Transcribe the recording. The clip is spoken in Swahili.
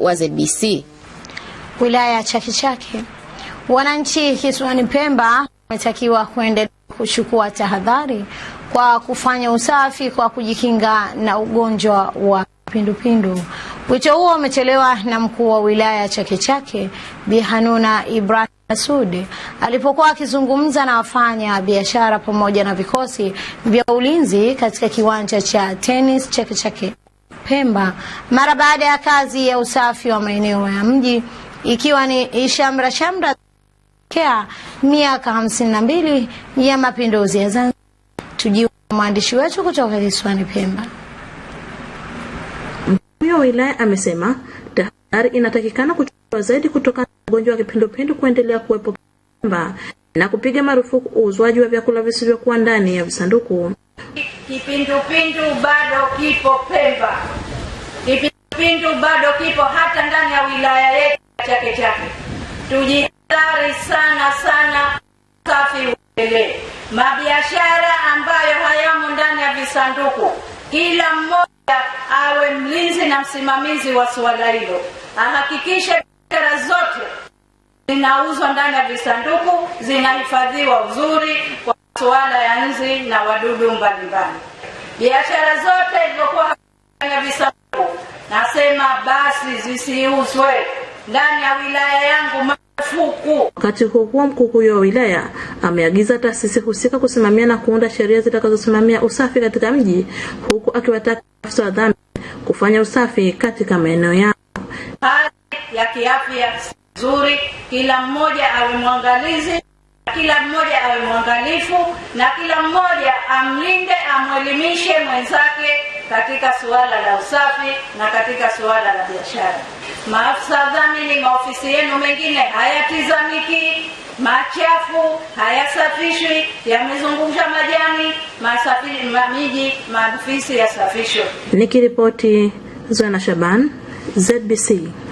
wa ZBC wilaya ya Chake Chake. Wananchi kisiwani Pemba wametakiwa kuendelea kuchukua tahadhari kwa kufanya usafi kwa kujikinga na ugonjwa wa kipindupindu. Wito huo umetolewa na mkuu wa wilaya ya Chake Chake Bi Hanuna Ibrahim Masud alipokuwa akizungumza na wafanya biashara pamoja na vikosi vya ulinzi katika kiwanja cha tenis Chake Chake. Pemba mara baada ya kazi ya usafi wa maeneo ya mji ikiwa ni shamra shamra kea miaka hamsini na mbili ya mapinduzi ya Zanzibar. Tujiunge mwandishi wetu kutoka kisiwani Pemba. Mkuu wilaya amesema tahadhari inatakikana kuchukua zaidi kutokana na ugonjwa wa kipindupindu kuendelea kuwepo Pemba na kupiga marufuku uuzwaji wa vyakula visivyokuwa ndani ya visanduku. Kipindupindu bado kipo Pemba. Kipindupindu bado kipo hata ndani ya wilaya yetu Chake Chake. tujitari sana sana, safi uendelee. Mabiashara ambayo hayamo ndani ya visanduku, kila mmoja awe mlinzi na msimamizi wa suala hilo, ahakikishe biashara zote zinauzwa ndani ya visanduku, zinahifadhiwa uzuri kwa suala ya nzi na wadudu mbalimbali. Biashara zote ilivyokuwa ndani ya visanduku Nasema basi zisiuzwe ndani ya wilaya yangu marufuku. Wakati huo huo, mkuu huyo wa wilaya ameagiza taasisi husika kusimamia na kuunda sheria zitakazosimamia usafi katika mji, huku akiwataka afisa wa dhambi kufanya usafi katika maeneo yao. Hali ya kiafya nzuri, kila mmoja awe mwangalizi kila mmoja awe mwangalifu na kila mmoja amlinde, amwelimishe mwenzake katika suala la usafi na katika suala la biashara. Maafisa dhamini, maofisi yenu mengine hayatizamiki, machafu hayasafishwi, yamezungusha majani masafi, mamiji maofisi yasafishwe. Nikiripoti zana Shaban, ZBC.